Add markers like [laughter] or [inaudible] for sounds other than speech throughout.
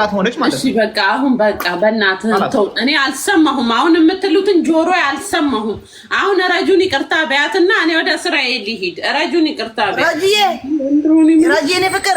ላት ሆነች ማለት ነው። በቃ አሁን በቃ በእናትህ ተው። እኔ አልሰማሁም፣ አሁን የምትሉትን ጆሮ አልሰማሁም። አሁን ረጁን ይቅርታ ቢያትና እኔ ወደ ስራዬ ልሂድ። ረጁን ይቅርታ ቢያት ረጅዬ፣ ረጅዬ እኔ ፍቅር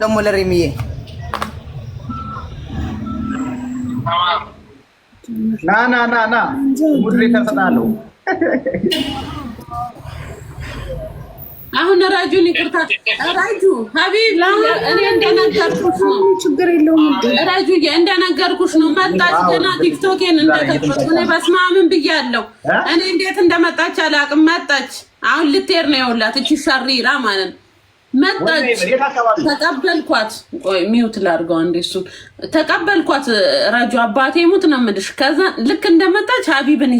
ደግሞ ለሪምዬ ና ና ና ና ሙድሬ ተሰጣለሁ። አሁን ራጁን ይቅርታ፣ ራጁ ሀቢብ እኔ እንደነገርኩሽ ነው። መጣች ገና ቲክቶኬን እንደከፈትኩ እኔ በስመ አብን ብያለሁ። እኔ እንዴት እንደመጣች አላውቅም። መጣች አሁን ልትሄድ ነው። ይኸውላት እቺ ሸሪራ ማለት ነው መጣች ተቀበልኳት። ቆይ ሚውት ላድርገው አንዴ። ተቀበልኳት። ረጁ አባቴ ሙት ነው የምልሽ። ከዛ ልክ እንደመጣች ሀቢብን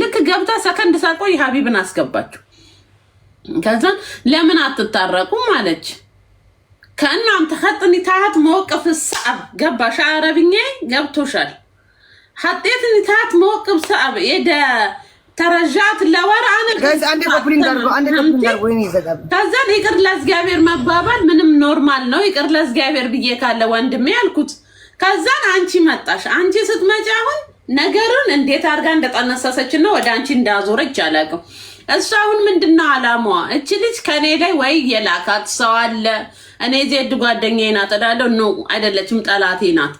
ልክ ገብታ ሰከንድ ሳቆይ ሀቢብን አስገባችው። ከዛ ለምን አትታረቁም አለች። ከእናም ተኸጥኒ ታህት መወቅፍ ሰዓብ ገባሽ። አረብኛ ገብቶሻል። ሀጤትኒ ታህት መወቅፍ ሰዓብ የደ ተረዣት ለወር ከዛን ይቅር ለእግዚአብሔር መባባል ምንም ኖርማል ነው። ይቅር ለእግዚአብሔር ብዬ ካለ ወንድሜ ያልኩት። ከዛን አንቺ መጣሽ። አንቺ ስትመጪ አሁን ነገርን እንዴት አድርጋ እንደጠነሰሰችና ወደ አንቺ እንዳዞረች አላውቅም። እሱ አሁን ምንድነው አላማዋ? እች ልጅ ከኔ ላይ ወይ የላካት ሰው አለ። እኔ ዜድ ጓደኛዬ ናት እላለሁ። ኖ አይደለችም፣ ጠላቴ ናት።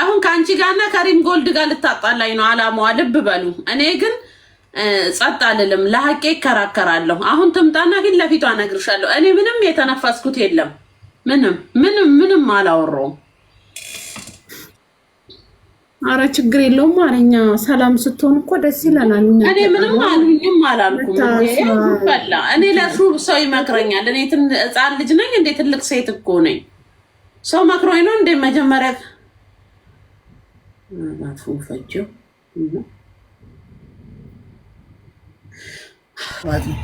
አሁን ከአንቺ ጋርና ከሪም ጎልድ ጋር ልታጣላኝ ነው አላማዋ። ልብ በሉ። እኔ ግን ጸጥ አልልም። ለሀቄ ይከራከራለሁ። አሁን ትምጣና ፊት ለፊቷ እነግርሻለሁ። እኔ ምንም የተነፈስኩት የለም። ምንም ምንም ምንም አላወራውም። አረ ችግር የለውም። አረኛ ሰላም ስትሆን እኮ ደስ ይለናል። እኔ ምንም አሉኝም አላልኩም። እኔ ለሱ ሰው ይመክረኛል። እኔ ህፃን ልጅ ነኝ እንዴ? ትልቅ ሴት እኮ ነኝ። ሰው መክሮኝ ነው እንዴ? መጀመሪያ ፈጀው ማለት ነው።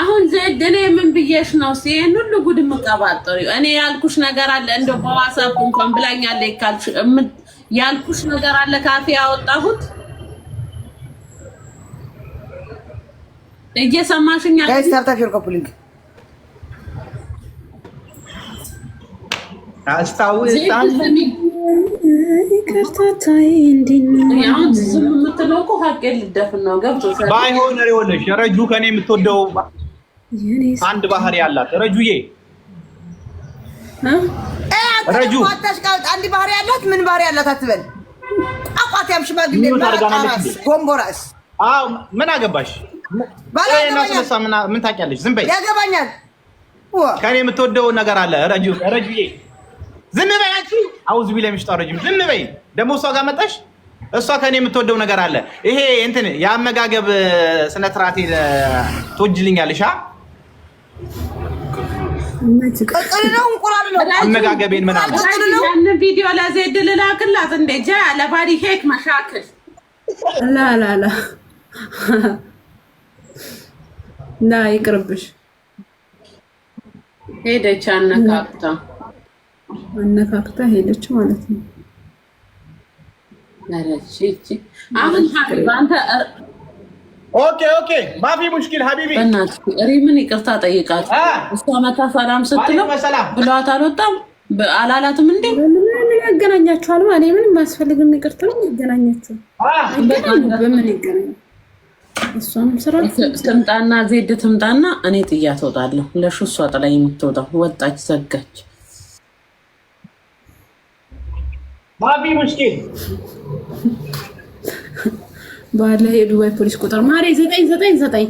አሁን ዘድ እኔ ብዬሽ ነው ይሄን ሁሉ ጉድ የምቀባጠሪው? እኔ ያልኩሽ ነገር አለ እንደው በዋሳብ እንኳን ብላኛለች ካልሽ ያልኩሽ ነገር አለ ካፌ ያወጣሁት እየሰማሽኝ አስታውሳለሁ ባይሆን ሆነሽ ረጁ ከኔ የምትወደው አንድ ባህሪ አላት ረጁዬ፣ ረጁ አንድ ባህሪ ያላት ምን ባህሪ ያላት አትበል። አቋት ያም ሽማግሌ ጎንቦራስ። አዎ ምን አገባሽ? ባላናስነሳ ምን ታውቂያለሽ? ዝም በይ። ያገባኛል ከኔ የምትወደው ነገር አለ ረጁዬ፣ ዝም በያችሁ አውዝ ቢላ ምሽጣ ረጅም ዝም በይ። ደግሞ እሷ ጋር መጣሽ። እሷ ከእኔ የምትወደው ነገር አለ። ይሄ እንትን የአመጋገብ ስነ ስርዓቴ ትወጅልኛለሽ። አመጋገቤን ምናምን ቪዲዮ ለዜድ ልላክላት እንዴ? ጃ ለባዲ ሄክ መሻክል ላላላ ና ይቅርብሽ። ሄደች አነካክታ ሄደች ማለት ነው። አሁን ኦኬ ኦኬ ማፊ ሙሽኪል ሀቢቢ በእናትህ ሪምን ይቅርታ ጠይቃት። እሷ መታ ሰላም ስትለው ብሏት አልወጣም አላላትም እንዴ? ምን ያገናኛችኋል? ይቅርታ ያገናኛችሁ። በምን እሷም ስራ ትምጣና ዜድ ትምጣና እኔ ጥያ ትወጣለሁ። ለሹ እሷ ጥላ የምትወጣው ወጣች፣ ዘጋች ባቢ ሙሽኪል ባለ የዱባይ ፖሊስ ቁጥር ማሬ ዘጠኝ ዘጠኝ ዘጠኝ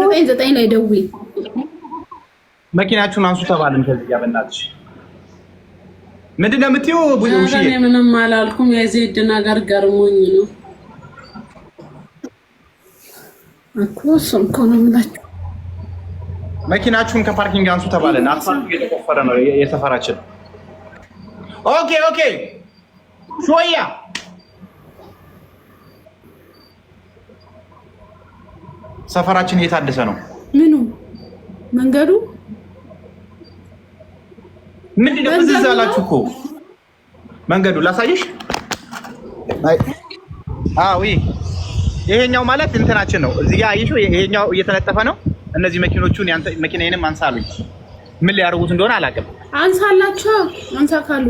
ዘጠኝ ዘጠኝ ላይ ደውዪ። መኪናችሁን አንሱ ተባልን። ከዚህ ጋር በእናትሽ ምንድን ነው የምትይው? እኔ ምንም አላልኩም። የዜድ ነገር ገርሞኝ ነው እኮ እሱም እኮ ነው የምላችሁ። መኪናችሁን ከፓርኪንግ አንሱ ተባልን። አልፋ እየተቆፈረ ነው የሰፈራችን። ኦኬ ኦኬ ሾያ ሰፈራችን እየታደሰ ነው። ምኑ መንገዱ ምንድነው? ብዝዝ አላችሁ እኮ መንገዱ ላሳየሽ። አዎ ይሄኛው ማለት እንትናችን ነው። እዚህ ጋር አየሽው? ይሄኛው እየተነጠፈ ነው። እነዚህ መኪኖቹን መኪናዬንም አንሳሉኝ። ምን ሊያደርጉት እንደሆነ አላውቅም። አንሳላችሁ አንሳ ካሉ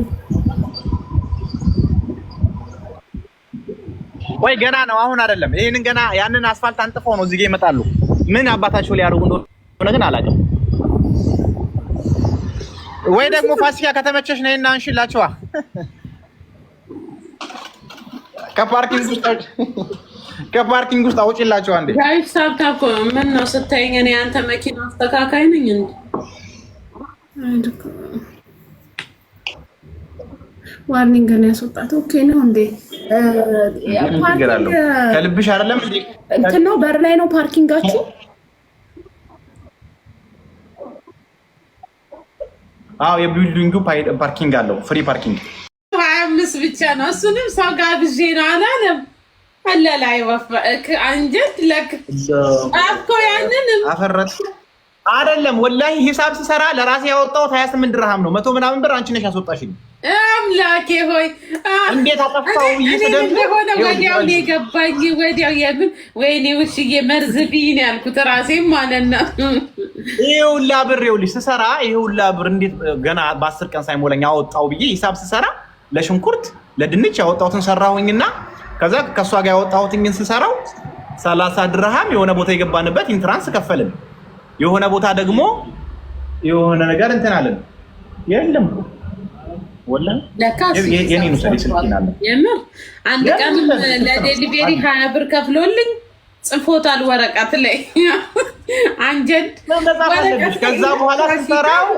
ወይ ገና ነው፣ አሁን አይደለም። ይህንን ገና ያንን አስፋልት አንጥፎ ነው እዚህ ጋ ይመጣሉ። ምን አባታቸው ሊያደርጉ እንደሆነ ግን አላውቅም። ወይ ደግሞ ፋሲካ ከተመቸሽ ነይና አንሽላቸዋ ከፓርኪንግ ውስጥ ከፓርኪንግ ውስጥ አውጭላቸው። አንዴ ጋይስ ሳብታ እኮ ምን ነው ስታየኝ፣ እኔ አንተ መኪና አስተካካይ ነኝ እንዴ? ዋርኒንግ ነው ያስወጣት። ኦኬ ነው እንዴ? ከልብሽ አይደለም እንትን ነው በር ላይ ነው ፓርኪንጋችሁ። አዎ የቢልዲንጉ ፓርኪንግ አለው ፍሪ ፓርኪንግ ሀያ አምስት ብቻ ነው። እሱንም ሰው ጋብዤ ነው አላለም አለላይ አንጀት ለክ እኮ ያንን አፈረት አይደለም ወላሂ ሂሳብ ስሰራ ለራሴ ያወጣሁት ሀያ ስምንት ድርሃም ነው። መቶ ምናምን ብር አንቺ ነሽ ያስወጣሽኝ አምላኬ ሆይ እንዴት አጠፋው? ወዲያው ነው የገባኝ። ወዲያው የምን ወይኔ ውሽዬ መርዝ ብይ ያልኩት ራሴም ማለት ነው። ይሄ ሁላ ብር ይኸውልሽ ስሰራ ይሄ ሁላ ብር እንዴት ገና በአስር ቀን ሳይሞላኝ አወጣው ብዬ ሂሳብ ስሰራ ለሽንኩርት ለድንች ያወጣሁትን ሰራሁኝና ከዛ ከእሷ ጋር ያወጣሁትኝን ስሰራው ሰላሳ ድርሃም የሆነ ቦታ የገባንበት ኢንትራንስ ከፈልን። የሆነ ቦታ ደግሞ የሆነ ነገር እንትን አለን የለም የምር አንድ ቀን ለዴሊቬሪ ሀያ ብር ከፍሎልኝ ጽፎታል ወረቀት ላይ አንጀድ ከዛ በኋላ ሰራው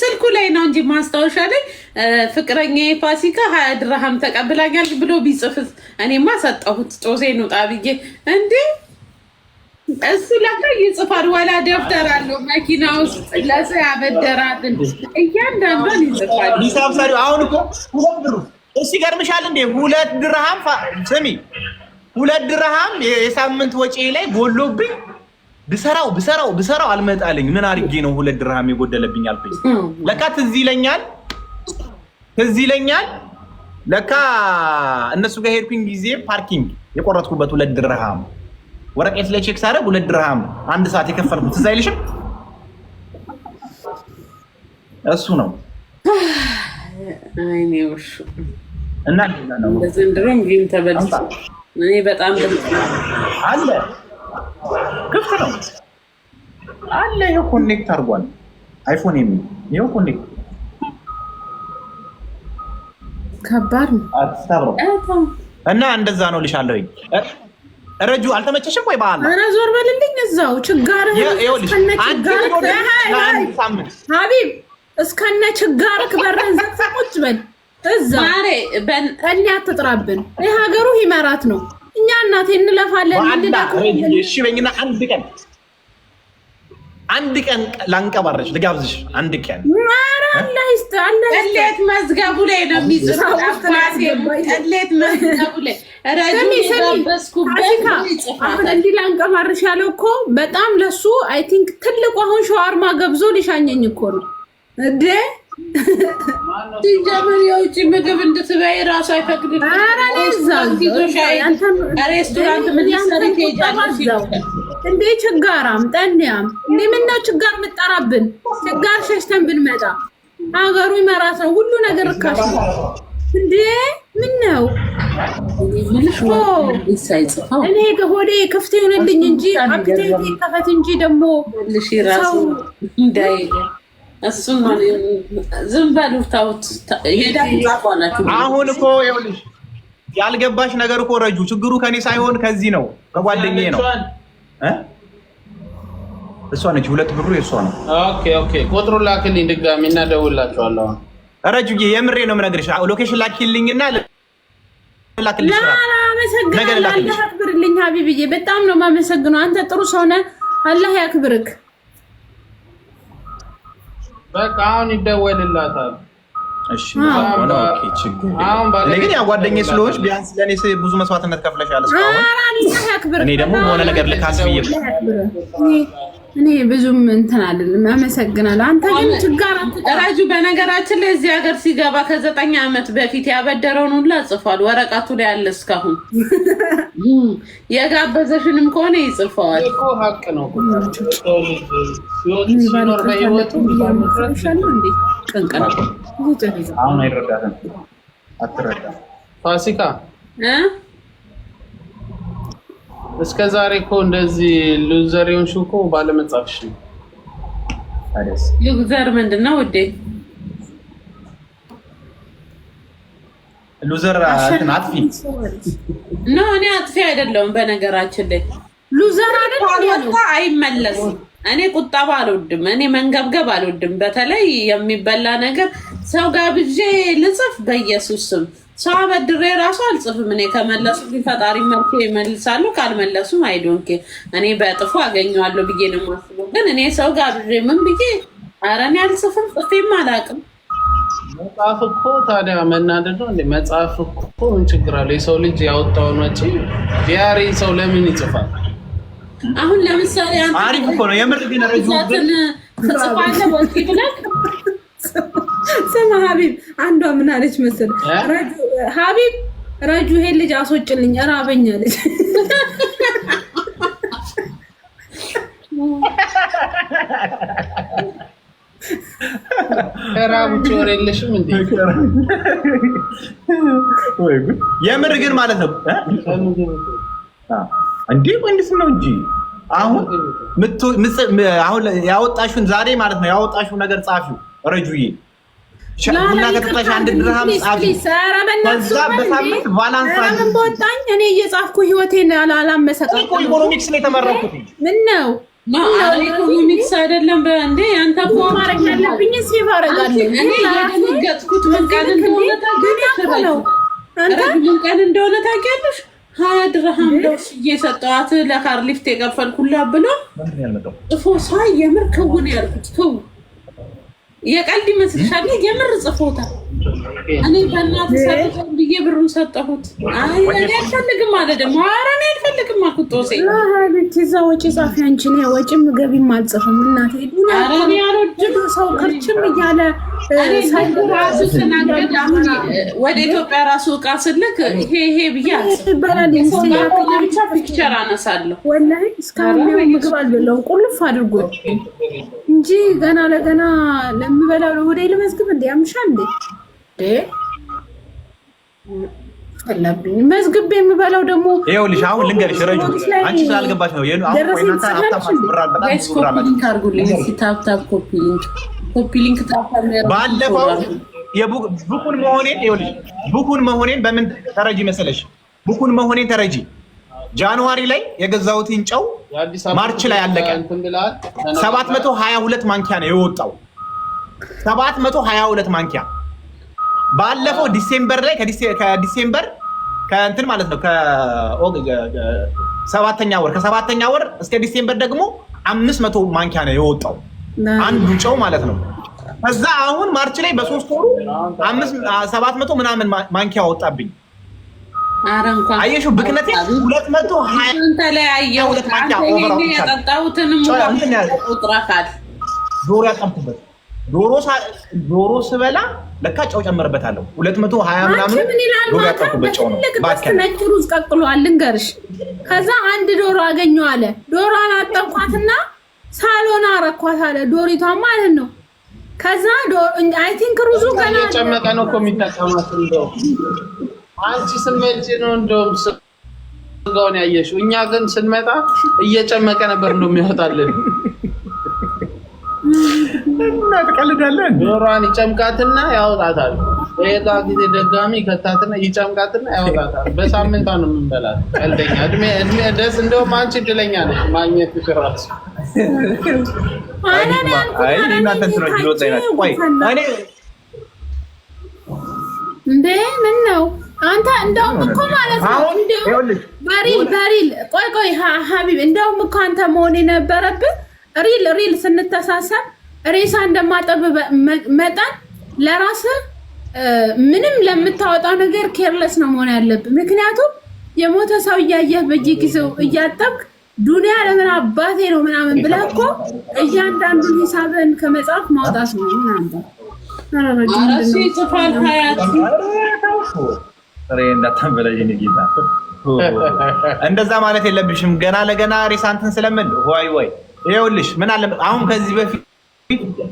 ስልኩ ላይ ነው እንጂ ማስታወሻ ላይ ፍቅረኛ የፋሲካ ሀያ ድረሃም ተቀብላኛል ብሎ ቢጽፍ እኔማ ሰጠሁት ጦሴ ኑጣ ብዬ እንዴ እሱ ለካ ይጽፋል። ወላ ደብተር አለው መኪና ውስጥ ለሰ ያበደራትን እያንዳንዷን ይጽፋል። ሂሳብ ሰሪው አሁን እኮ ሁለት ብሩ እሺ፣ ይገርምሻል እንዴ ሁለት ድርሃም ስሚ፣ ሁለት ድርሃም የሳምንት ወጪ ላይ ጎሎብኝ ብሰራው ብሰራው ብሰራው አልመጣልኝ። ምን አድርጌ ነው ሁለት ድርሃም የጎደለብኝ አልኩኝ። ለካ ትዝ ይለኛል፣ ትዝ ይለኛል ለካ እነሱ ጋር ሄድኩኝ ጊዜ ፓርኪንግ የቆረጥኩበት ሁለት ድርሃም ወረቀት ላይ ቼክ ሳደርግ ሁለት ድርሃም አንድ ሰዓት የከፈልኩት ትዝ አይልሽም? እሱ ነው እና ዘንድሮም ግን ተበልቶ እኔ በጣም አለ ክፍት ነው አለ። ይኸው ኮኔክት አድርጓል አይፎን ይኸው ኮኔክት ከባድ ነው እና እንደዛ ነው ልሻለሁኝ ረጁ አልተመቸሽም ወይ? በዓል ኧረ ዞር በልልኝ እዛው ችጋር ሀቢብ እስከነ ችጋር ክበረን ዘግተህ በል እዛው። እኔ አትጥራብን። ይህ ሀገሩ ይመራት ነው። እኛ እናቴ እንለፋለን። እሺ በይኝና አንድ ቀን አንድ ቀን ላንቀባረች ልጋብዝሽ። አንድ ቀን እሌት መዝገቡ ላይ ነው የሚጽፈው። እሌት መዝገቡ ላይ እንዲህ ላንቀባረሽ ያለው እኮ በጣም ለሱ አይ ቲንክ ትልቁ አሁን ሸዋርማ ገብዞ ሊሻኘኝ እኮ ነው እንደ ሲጀመር የውጭ ምግብ እንድትበይ ራሱ አይፈቅድም። ሬስቶራንት ችጋራም ጠንያም እንዴ ችጋር ምጠራብን ችጋር ሸሽተን ብንመጣ ሀገሩ ይመራት ነው። ሁሉ ነገር ርካሽ እንዴ ምን ነው እኔ ሆዴ ክፍት ይሆንልኝ እንጂ አፒቴቴ ከፈት እንጂ ደግሞ ሰው እሱን ዝም በሉ ተውት። አሁን እኮ ይኸውልሽ ያልገባሽ ነገር እኮ ረጁ፣ ችግሩ ከኔ ሳይሆን ከዚህ ነው ከጓደኛዬ ነው። እሷ ነች ሁለት ብሩ የእሷ ነው። ኦኬ ኦኬ፣ ቁጥሩ ላክልኝ ድጋሚ እና እደውልላቸዋለሁ። ረጁ የምሬ ነው የምነግርሽ። ሎኬሽን ላኪልኝ እና ላክልሽ። አመሰግናለሁ። አላህ ሀቢብዬ፣ በጣም ነው የማመሰግነው። አንተ ጥሩ ሰው ነህ። አላህ ያክብርክ። በቃ አሁን ይደወልላታል። እሺ ግን ያው ጓደኛዬ ስለሆንሽ ቢያንስ ለእኔ ብዙ መስዋዕትነት ከፍለሻል እስካሁን እኔ ደግሞ በሆነ ነገር ልካስ ብዬ እኔ ብዙም እንትን አይደለም። አመሰግናለሁ። አንተ ግን ችጋር ረጁ በነገራችን ላይ እዚህ ሀገር ሲገባ ከዘጠኝ ዓመት በፊት ያበደረውን ሁላ ጽፏል። ወረቀቱ ላይ ያለ እስካሁን [laughs] የጋበዘሽንም ከሆነ ይጽፈዋል። ሀቅ ነው። ሲኖር በህይወቱ ፋሲካ እስከ ዛሬ እኮ እንደዚህ ሉዘር የሆንሽው እኮ ባለመጻፍሽ ነው። ሉዘር ምንድን ነው ውዴ? ሉዘር ኖ፣ እኔ አጥፊ አይደለሁም። በነገራችን ላይ ሉዘር አይመለስም። እኔ ቁጠባ አልወድም። እኔ መንገብገብ አልወድም። በተለይ የሚበላ ነገር ሰው ጋብዤ ልጽፍ በኢየሱስ ስም ሰው አበድሬ ራሱ አልጽፍም። እኔ ከመለሱ ፈጣሪ መልኩ ይመልሳሉ፣ ካልመለሱም አይዶንኬ እኔ በጥፎ አገኘዋለሁ ብዬ ነው የማስበው። ግን እኔ ሰው ጋር ብሬ ምን ብዬ ኧረ እኔ አልጽፍም፣ ጽፌም አላውቅም። መጽሐፍ እኮ ታዲያ መናደድ ነው እንዴ? መጽሐፍ እኮ ምን ችግር አለው? የሰው ልጅ ያወጣውን ወጪ ዲያሪ ሰው ለምን ይጽፋል? አሁን ለምሳሌ አሪፍ እኮ ነው የምር ግን ረጅ ጽፋለ ወጪ ብለህ ስማ ሀቢብ፣ አንዷ ምን አለች መሰል ሀቢብ ረጁ ይሄን ልጅ አስወጭልኝ እራበኝ አለች። የምር ግን ማለት ነው እንዴ ወንድስ ነው እንጂ አሁን ያወጣሽውን ዛሬ ማለት ነው ያወጣሽው ነገር ጻፊው ረጁዬ ቡና ከጠጣሽ አንድ ድርሃም ጻፊ። በሳምንት ባላንስ እኔ እየጻፍኩ ህይወቴን ኢኮኖሚክስ ነው የተመረኩት። ምን ነው ኢኮኖሚክስ አይደለም። በእንዴ አንተ እኮ ማድረግ ያለብኝ ሴቭ አደርጋለሁ። ምን ቀን እንደሆነ ታውቂያለሽ? ሀያ ድርሃም እየሰጠዋት ለካርሊፍት የከፈልኩላት ብሎ ጥፎ ሳይ የምር ክውን ያልኩት ክው የቀልድ ይመስልሻል? የምር ጽፎታል። እኔ ከእናት በእናትህ ብዬ ብሩን ሰጠሁት። አይ እኔ አልፈልግም አለ ደግሞ። ኧረ እኔ አልፈልግም ጦሴ እዛ ወጪ ጻፊ አንቺን ወጪም ገቢም አልጽፍም። እናቴ ሰው ከርችም እያለ ወደ ኢትዮጵያ ራሱ እቃ ስልክ ይሄ ይሄ ብዬ ፒክቸር አነሳለሁ። ወላሂ እስካሁን ምግብ አልበላሁም። ቁልፍ አድርጎ እንጂ ገና ለገና ለምበላው ወደ ልመዝግብ እንዴ ያምሻ እንዴ አስፈላብኝ መዝግብ የምበላው ደግሞ ይኸውልሽ፣ አሁን ልንገርሽ፣ ረጁ አንቺ ስላልገባሽ ነው። ባለፈው ብኩን መሆኔን ይኸውልሽ፣ መሆኔን በምን ተረጂ መሰለሽ? ቡኩን መሆኔን ተረጂ ጃንዋሪ ላይ የገዛሁትን ጨው ማርች ላይ አለቀ። 722 ማንኪያ ነው የወጣው። 722 ማንኪያ ባለፈው ዲሴምበር ላይ ከዲሴምበር ከእንትን ማለት ነው ከሰባተኛ ወር ከሰባተኛ ወር እስከ ዲሴምበር ደግሞ አምስት መቶ ማንኪያ ነው የወጣው አንዱ ጨው ማለት ነው። ከዛ አሁን ማርች ላይ በሶስት ወሩ ሰባት መቶ ምናምን ማንኪያ ወጣብኝ። አየሹ ብክነቴ ሁለት መቶ ሀያ ተለያየሁት። ዙሪያ ቀምኩበት። ዶሮ ስበላ ለካ ጨው ጨመርበታለሁ። ሁለት መቶ ሀያ ምናምን ዶሮ ያቀርኩበት ጨው ነው። ነጭ ሩዝ ቀቅሏል ልንገርሽ። ከዛ አንድ ዶሮ አገኘሁ አለ። ዶሮ አጠብኳትና ሳሎና አረኳት አለ። ዶሪቷ ማለት ነው። ከዛ አይ ቲንክ ሩዙ ገና ጨመቀ ነው እኮ የሚጠቀማት። አንቺ ስሜት ነው እንደውም ስጋውን ያየሽው። እኛ ግን ስንመጣ እየጨመቀ ነበር እንደሚያወጣልን እና ትቀልዳለህ። ጆሮዋን ይጨምቃትና ያወጣታል። በሌላ ጊዜ ደጋሚ ይከታትና ይጨምቃትና ያወጣታል። በሳምንቷ ነው የምንበላት። ቀልደኛ እድሜ እድሜ ደስ እንደውም አንቺ እድለኛ ነሽ ማግኘት እራሱ እንዴ ምን ነው አንተ እንደውም እኮ ማለት ነው በሪል በሪል ቆይ ቆይ ሀቢብ እንደውም እኮ አንተ መሆን የነበረብን ሪል ሪል ስንተሳሰብ ሬሳ እንደማጠብ መጠን ለራስ ምንም ለምታወጣው ነገር ኬርለስ ነው መሆን ያለብህ። ምክንያቱም የሞተ ሰው እያየህ በየጊዜው እያጠብክ ዱኒያ ለምን አባቴ ነው ምናምን ብለህ እኮ እያንዳንዱን ሂሳብን ከመጽሐፍ ማውጣት ነው ምናምን እንደዛ ማለት የለብሽም። ገና ለገና ሬሳንትን ስለምን ወይ ወይ ይኸውልሽ ምን አለ አሁን ከዚህ በፊት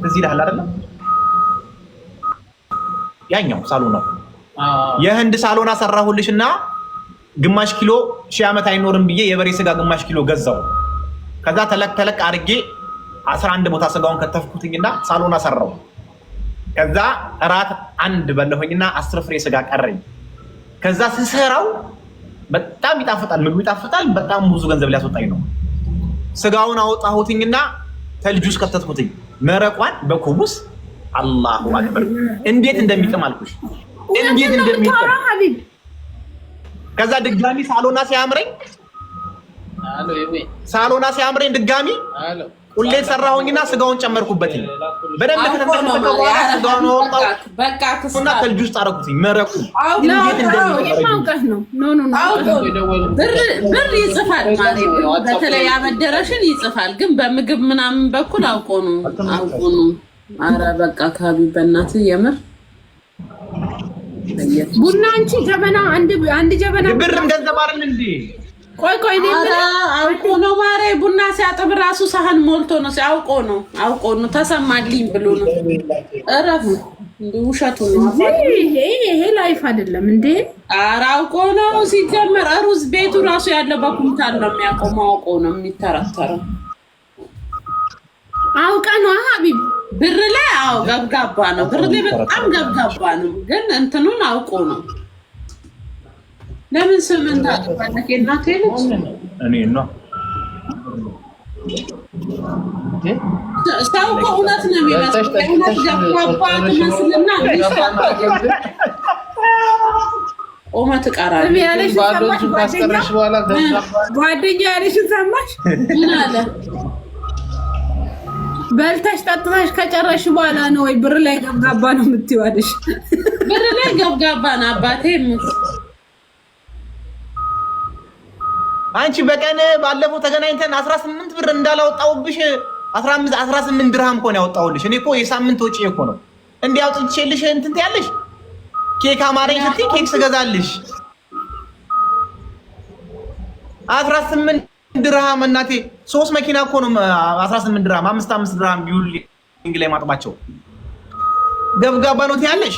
እዚህ ይልሃል አይደለም? ያኛው ሳሎን ነው። የህንድ ሳሎን አሰራሁልሽ እና ግማሽ ኪሎ ሺህ ዓመት አይኖርም ብዬ የበሬ ስጋ ግማሽ ኪሎ ገዛው። ከዛ ተለቅ ተለቅ አድርጌ አስራ አንድ ቦታ ስጋውን ከተፍኩትኝና ሳሎን አሰራው። ከዛ እራት አንድ በለሁኝና አስር ፍሬ ስጋ ቀረኝ። ከዛ ስሰራው በጣም ይጣፍጣል፣ ምግቡ ይጣፍጣል። በጣም ብዙ ገንዘብ ሊያስወጣኝ ነው። ስጋውን አወጣሁትኝና ተልጁስ ከተትኩትኝ መረቋን በኩቡስ አላሁ አክበር እንዴት እንደሚቅም አልኩሽ፣ እንዴት እንደሚቅም ከዛ ድጋሚ ሳሎና ሲያምረኝ ሳሎና ሲያምረኝ ድጋሚ ሁሌ ሰራሁኝና ስጋውን ጨመርኩበት በደንብ ከተንተከተከ ስጋውን ከልጅ ውስጥ መረቁ ነው። ብር ይጽፋል ማለት ነው። በተለይ ያበደረሽን ይጽፋል። ግን በምግብ ምናምን በኩል አውቆ ነው አውቆ ነው። አረ በቃ በእናት የምር ቡና አንቺ ጀበና አንድ አንድ ጀበና ብርም ገንዘብ አይደል እንዴ? ቆይ ቆይ ነው ሲያጥብ ራሱ ሳህን ሞልቶ ነው። አውቆ ነው አውቆ ነው ተሰማልኝ ብሎ ነው። እረፉ ውሸቱ ነው። ይሄ ላይፍ አይደለም እንዴ! ኧረ አውቆ ነው ሲጀመር። ሩዝ ቤቱ ራሱ ያለው በኩምታል ነው የሚያቆመው። አውቆ ነው የሚተረተረው። አውቀ ነው ሀቢብ ብር ላይ አዎ፣ ገብጋባ ነው። ብር ላይ በጣም ገብጋባ ነው። ግን እንትኑን አውቆ ነው። ለምን ስምንት አጥፋለህ እናቴ ልጅ እኔ ነው ሰው ከእውነት ነው የሚመስለው። ከእውነት ጓጓ ትመስልና ቆማ ትቀራለች። ጓደኛ ያለሽን ሰማሽ? ምን አለ? በልተሽ ጠጥተሽ ከጨረሽ በኋላ ነው ወይ ብር ላይ ገብጋባ ነው የምትይዋለሽ? ብር ላይ ገብጋባ ነው አባቴ አንቺ በቀን ባለፈው ተገናኝተን 18 ብር እንዳላወጣውብሽ 15 18 ድርሃም እኮ ነው ያወጣውልሽ። እኔ እኮ የሳምንት ወጪ እኮ ነው እንዲህ አውጥቼልሽ እንትን ትያለሽ። ኬክ አማረኝ ስትይ ኬክ ስገዛልሽ 18 ድርሃም እናቴ ሶስት መኪና እኮ ነው 18 ድርሃም፣ አምስት አምስት ድርሃም ቢውልዲንግ ላይ ማጥባቸው ገብጋባ ነው ትያለሽ።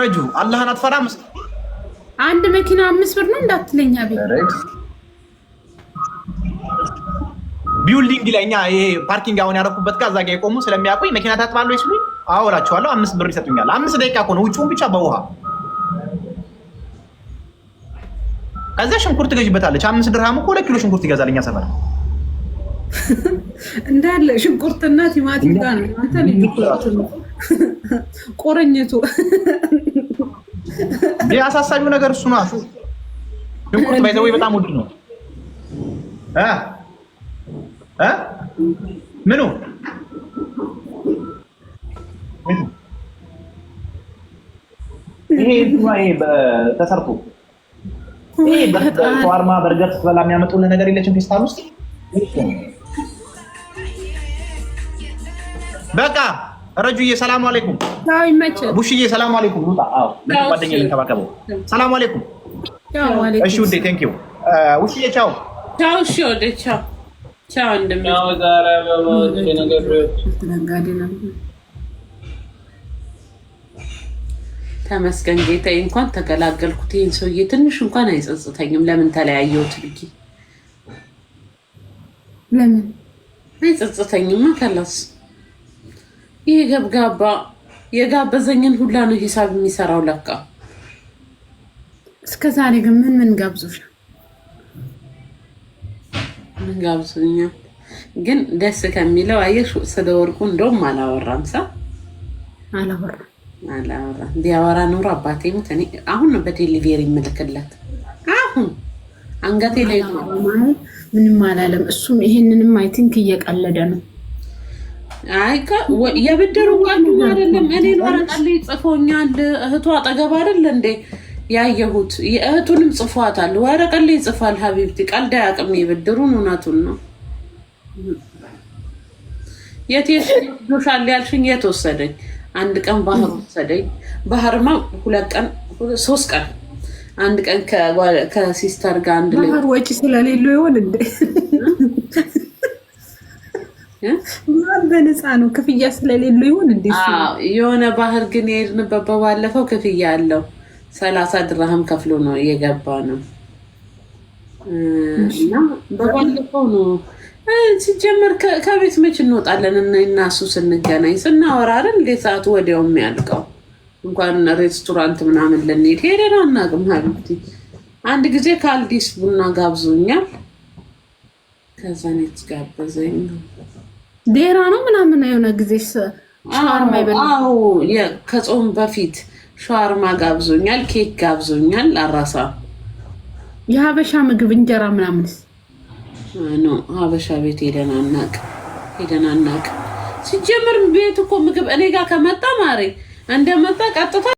ረጁ አላህን አትፈራም። አንድ መኪና አምስት ብር ነው እንዳትለኛ ቤት ቢውልዲንግ ላይ እኛ ይሄ ፓርኪንግ አሁን ያረኩበት ጋር እዛ ጋ የቆሙ ስለሚያውቁኝ መኪና ታጥባለሁ ይስሉኝ አወራቸዋለሁ። አምስት ብር ይሰጡኛል። አምስት ደቂቃ ከሆነ ውጭውን ብቻ በውሃ ከዚያ ሽንኩርት ገዥበታለች። አምስት ድርሃም እኮ ሁለት ኪሎ ሽንኩርት ይገዛል። እኛ ሰፈር [laughs] እንዳለ ሽንኩርትና ቲማቲም ጋር ነው ቆረኝቱ። [laughs] አሳሳቢው ነገር እሱ ነው። ሽንኩርት ባይዘወይ በጣም ውድ ነው። ምኑ ይሄ ተሰርቶ ይሄ ሸዋርማ በርገር ስትበላ የሚያመጡልህ ነገር የለችም ፌስታል ውስጥ በቃ ረጁዬ ሰላም አለይኩም፣ ቡሽዬ ሰላም አለይኩም። ጓደኛዬ ተባከበው። ሰላም አለይኩም። እሺ ውዴ፣ ቴንክ ዩ ውሽዬ፣ ቻው ቻው። እሺ ወደ ቻው ተመስገን ጌታዬ፣ እንኳን ተገላገልኩት። ይህን ሰውዬ ትንሽ እንኳን አይጸጽተኝም። ለምን ተለያየሁት ብዬ ለምን አይጸጽተኝም? ከላስ ይህ ገብጋባ የጋበዘኝን ሁላ ነው ሂሳብ የሚሰራው ለካ። እስከ ዛሬ ግን ምን ምን ጋብዞሻል? ጋብዙኛ ግን ደስ ከሚለው አየሽ፣ ስለ ወርቁ እንደውም አላወራም። ሰው አላወራ አላወራ ቢያወራ ኑሮ አባቴ ሙት። እኔ አሁን ነው በዴሊቬሪ የምልክለት። አሁን አንገቴ ላይ ምንም አላለም። እሱም ይሄንንም አይ ቲንክ እየቀለደ ነው። አይ የብድሩ ጓደኛ አይደለም። እኔን ወረቀት ላይ ጽፎኛል። እህቱ አጠገብ አይደል እንዴ ያየሁት የእህቱንም ጽፏታል። ወረቀት ላይ ጽፏል። ሀቢብቲ ቀልድ አያውቅም። የብድሩን እውነቱን ነው። የት ሻል ያልሽኝ የት ወሰደኝ? አንድ ቀን ባህር ወሰደኝ። ባህርማ ሁለት ቀን ሶስት ቀን አንድ ቀን ከሲስተር ጋር አንድ ላይ ባህር ወጪ ስለሌለው ይሆን እንዴ? በነፃ ነው? ክፍያ ስለሌለው ይሆን እንዴ? የሆነ ባህር ግን የሄድንበት በባለፈው ክፍያ አለው ሰላሳ ድራህም ከፍሎ ነው እየገባ ነው። በባለፈው ነው ሲጀመር ከቤት መች እንወጣለን? እና እናሱ ስንገናኝ ስናወራርን እንዴት ሰዓቱ ወዲያው የሚያልቀው እንኳን ሬስቶራንት ምናምን ልንሄድ ሄደን አናውቅም። ሀቢብቲ አንድ ጊዜ ካልዲስ ቡና ጋብዞኛል። ከዛን የተጋበዘኝ ዴራ ነው ምናምን የሆነ ጊዜ ከጾም በፊት ሸዋርማ ጋብዞኛል፣ ኬክ ጋብዞኛል። አራሳ የሀበሻ ምግብ እንጀራ ምናምንስ ኖ ሀበሻ ቤት ሄደን አናቅ ሄደን አናቅ። ሲጀምር ቤት እኮ ምግብ እኔ ጋር ከመጣ ማሬ እንደመጣ ቀጥታ